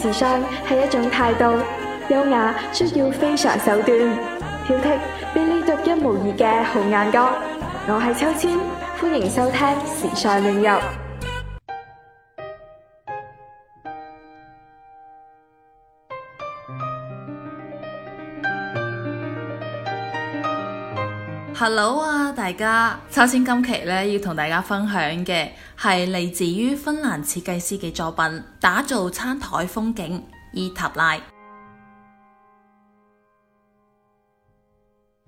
時尚係一種態度，優雅需要非常手段，挑剔畀你獨一無二嘅好眼光。我係秋千，歡迎收聽時尚領遊。Hello 啊，大家！首先今期要同大家分享嘅係嚟自於芬蘭設計師嘅作品，打造餐台風景。伊塔拉。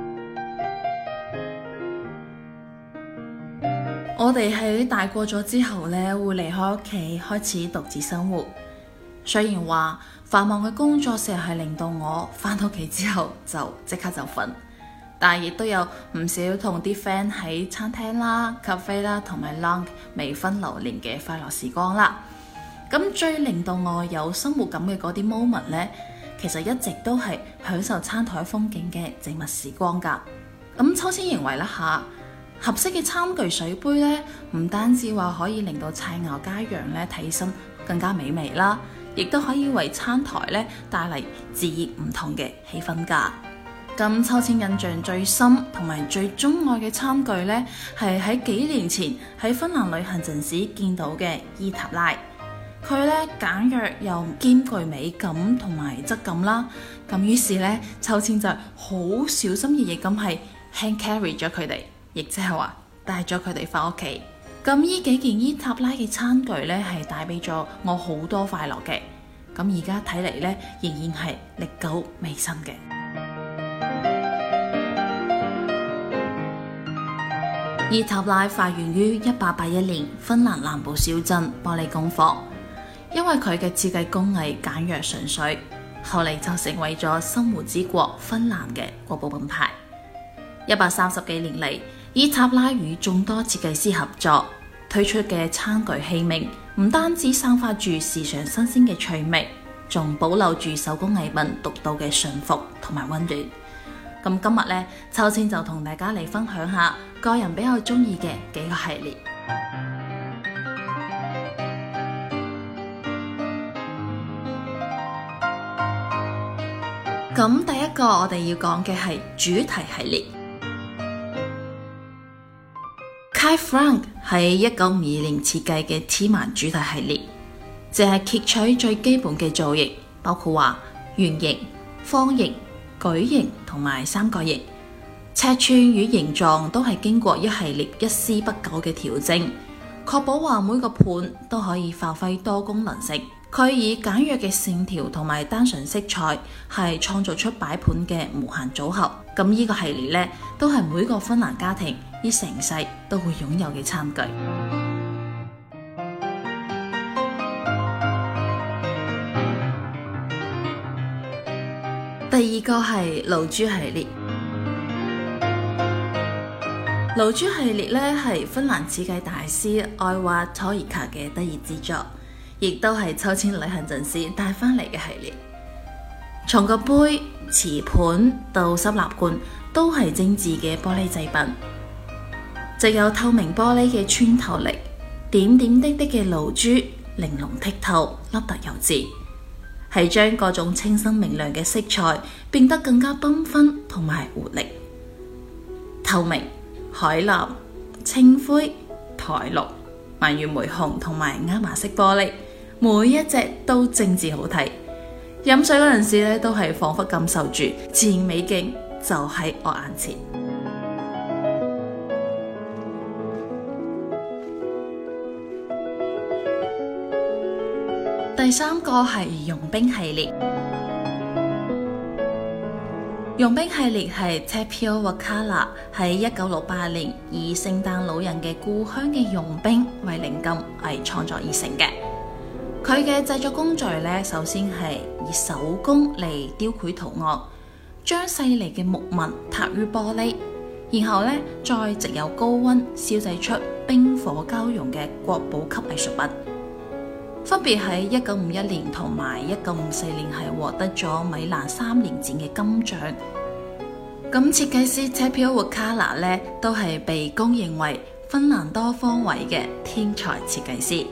我哋喺大過咗之後呢會離開屋企，開始獨自生活。雖然話繁忙嘅工作成日係令到我返到屋企之後就即刻就瞓。但亦都有唔少同啲 friend 喺餐廳啦、cafe 啦同埋 lunch 未婚流年嘅快樂時光啦。咁最令到我有生活感嘅嗰啲 moment 呢，其實一直都係享受餐台風景嘅靜物時光㗎。咁秋千認為啦嚇，合適嘅餐具水杯呢，唔單止話可以令到菜餚佳釀呢睇起身更加美味啦，亦都可以為餐台呢帶嚟截然唔同嘅氣氛㗎。咁秋千印象最深同埋最鍾愛嘅餐具呢，係喺幾年前喺芬蘭旅行陣時見到嘅伊塔拉。佢呢簡約又兼具美感同埋質感啦。咁於是呢，秋千就好小心翼翼咁係 hand carry 咗佢哋，亦即係話帶咗佢哋翻屋企。咁呢幾件伊塔拉嘅餐具呢，係帶俾咗我好多快樂嘅。咁而家睇嚟，呢仍然係歷久彌新嘅。伊塔拉發源於一八八一年芬蘭南部小鎮玻璃工坊，因為佢嘅設計工藝簡約純粹，後嚟就成為咗森湖之國芬蘭嘅國寶品牌。一百三十幾年嚟，伊塔拉與眾多設計師合作推出嘅餐具器皿，唔單止散發住時尚新鮮嘅趣味，仲保留住手工藝品獨到嘅順服同埋溫暖。咁今日呢，秋千就同大家嚟分享下個人比較中意嘅幾個系列。咁 第一個我哋要講嘅係主題系列，Kaj Franck 喺一九五二年設計嘅 Teema 主題系列，淨係、就是、擷取最基本嘅造型，包括話圓形、方形。矩形同埋三角形，尺寸與形狀都係經過一系列一絲不苟嘅調整，確保話每個盤都可以發揮多功能性。佢以簡約嘅線條同埋單純色彩，係創造出擺盤嘅無限組合。咁呢個系列咧，都係每個芬蘭家庭以成世都會擁有嘅餐具。第二個係露珠系列，露珠系列呢係芬蘭設計大師愛華托爾卡嘅得意之作，亦都係秋千旅行陣時帶翻嚟嘅系列。從個杯、瓷盤到收納罐，都係精緻嘅玻璃製品，藉由透明玻璃嘅穿透力，點點滴滴嘅露珠，玲瓏剔透，凹凸有致。係將各種清新明亮嘅色彩變得更加繽紛同埋活力，透明、海藍、青灰、苔綠、蔓越莓紅同埋亞麻色玻璃，每一隻都精緻好睇。飲水嗰陣時咧，都係仿佛感受住自然美景就喺我眼前。第三個係融冰系列。融冰系列係 Tapio Wirkkala，喺一九六八年以聖誕老人嘅故鄉嘅融冰為靈感而創作而成嘅。佢嘅製作工序咧，首先係以手工嚟雕繪圖案，將細膩嘅木紋拓於玻璃，然後咧再藉由高溫燒製出冰火交融嘅國寶級藝術品。分別喺一九五一年同埋一九五四年係獲得咗米蘭三年展嘅金獎。咁設計師車票沃卡 a 咧，都係被公認為芬蘭多方位嘅天才設計師。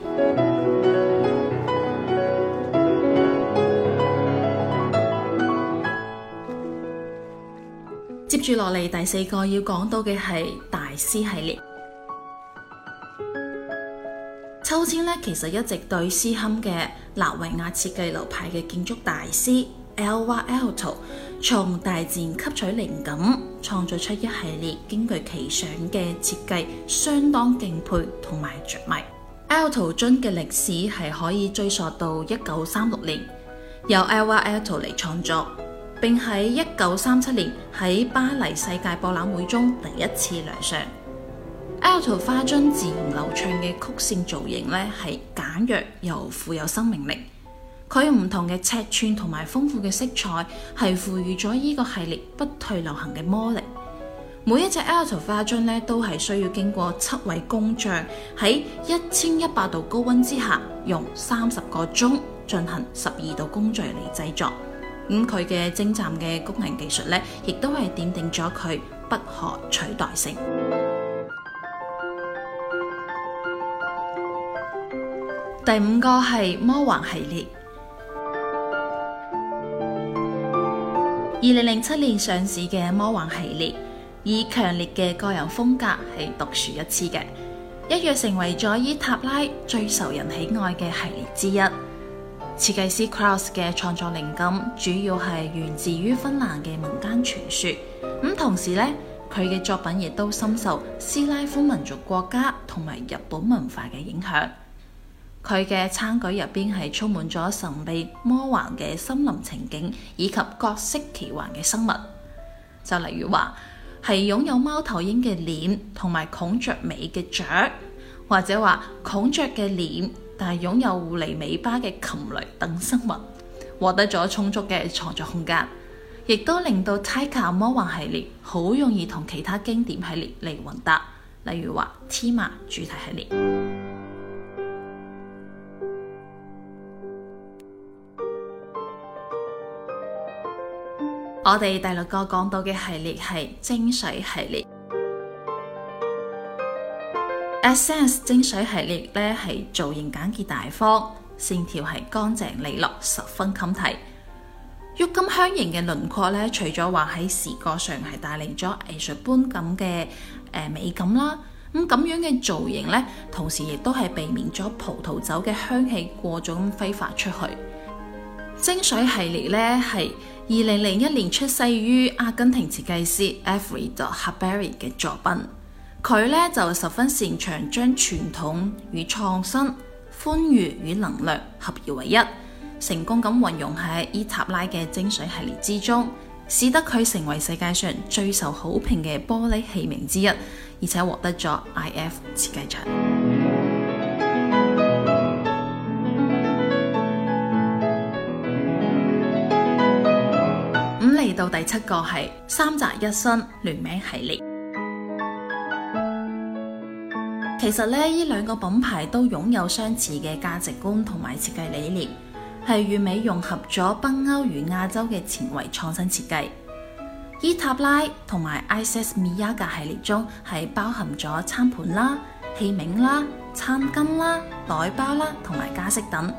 接住落嚟，第四個要講到嘅係大師系列。秋千呢，其實一直對斯堪嘅納維亞設計流派嘅建築大師 Alvar Aalto 從大自然吸取靈感，創造出一系列兼具奇想嘅設計，相當敬佩同埋着迷。Aalto 樽嘅歷史係可以追溯到一九三六年，由 Alvar Aalto 嚟創作，並喺一九三七年喺巴黎世界博覽會中第一次亮相。Aalto 花樽自然流暢嘅曲線造型咧，係簡約又富有生命力。佢唔同嘅尺寸同埋豐富嘅色彩，係賦予咗呢個系列不退流行嘅魔力。每一隻 Aalto 花樽咧，都係需要經過七位工匠喺一千一百度高溫之下，用三十個鐘進行十二道工序嚟製作。咁佢嘅精湛嘅工藝技術咧，亦都係奠定咗佢不可取代性。第五個係魔幻系列，二零零七年上市嘅魔幻系列，以強烈嘅個人風格係獨樹一幟嘅，一躍成為咗伊塔拉最受人喜愛嘅系列之一。設計師 Klaus 嘅創作靈感主要係源自於芬蘭嘅民間傳說，咁同時呢，佢嘅作品亦都深受斯拉夫民族國家同埋日本文化嘅影響。佢嘅餐具入邊係充滿咗神秘魔幻嘅森林情景，以及各式奇幻嘅生物，就例如話係擁有貓頭鷹嘅臉同埋孔雀尾嘅雀，或者話孔雀嘅臉但係擁有狐狸尾巴嘅禽類等生物，獲得咗充足嘅創作空間，亦都令到《Taika 魔幻系列》好容易同其他經典系列嚟混搭，例如話《Teema 主題系列》。我哋第六個講到嘅系列係精水系列，Essence 精水系列咧，係造型簡潔大方，線條係乾淨利落，十分襟睇。鬱金香型嘅輪廓咧，除咗話喺視覺上係帶嚟咗藝術般咁嘅誒美感啦，咁咁樣嘅造型咧，同時亦都係避免咗葡萄酒嘅香氣過早咁揮發出去。精水系列咧，係。是二零零一年出世於阿根廷設計師 Alfredo Häberli 嘅作品，佢咧就十分擅長將傳統與創新、歡愉與能量合而為一，成功咁運用喺伊塔拉嘅精髓系列之中，使得佢成為世界上最受好評嘅玻璃器皿之一，而且獲得咗 IF 設計獎。到第七個係三宅一生聯名系列。其實咧，呢兩個品牌都擁有相似嘅價值觀同埋設計理念，係完美融合咗北歐與亞洲嘅前衞創新設計。伊塔拉同埋 Issey Miyake 系列中係包含咗餐盤啦、器皿啦、餐巾啦、袋包啦同埋家飾等。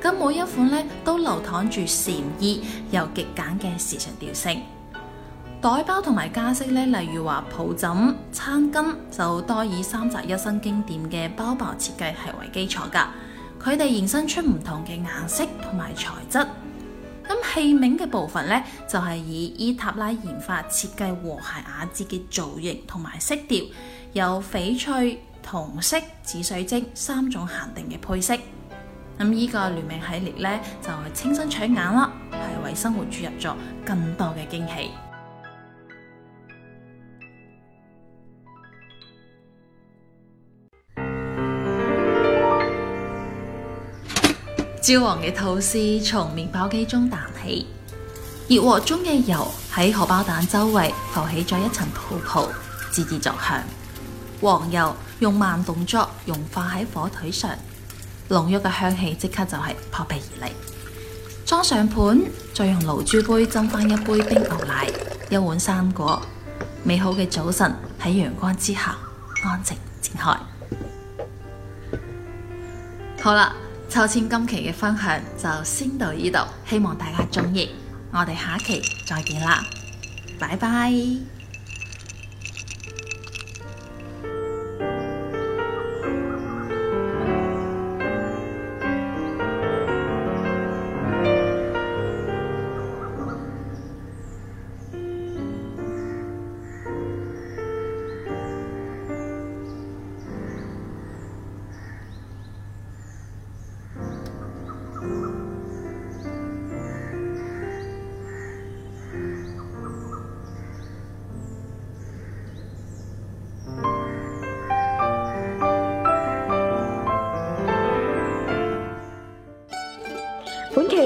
咁每一款呢都流淌住禪意又極簡嘅時尚調性，袋包同埋家飾呢，例如話抱枕、餐巾，就多以三宅一生經典嘅包包設計係為基礎噶。佢哋延伸出唔同嘅顏色同埋材質。咁器皿嘅部分呢，就係以伊塔拉研發設計和諧雅致嘅造型同埋色調，有翡翠、銅色、紫水晶三種限定嘅配色。咁、這、呢個聯名系列咧，就係、清新搶眼啦，係為生活注入咗更多嘅驚喜。焦黃嘅吐司從麵包機中彈起，熱鑊中嘅油喺荷包蛋周圍浮起咗一層泡泡，滋滋作響。黃油用慢動作融化喺火腿上。濃郁嘅香氣即刻就係撲鼻而嚟，裝上盤，再用露珠杯斟翻一杯冰牛奶，一碗生果，美好嘅早晨喺陽光之下安靜展開。好啦，秋千今期嘅分享就先到呢度，希望大家中意，我哋下期再見啦，拜拜。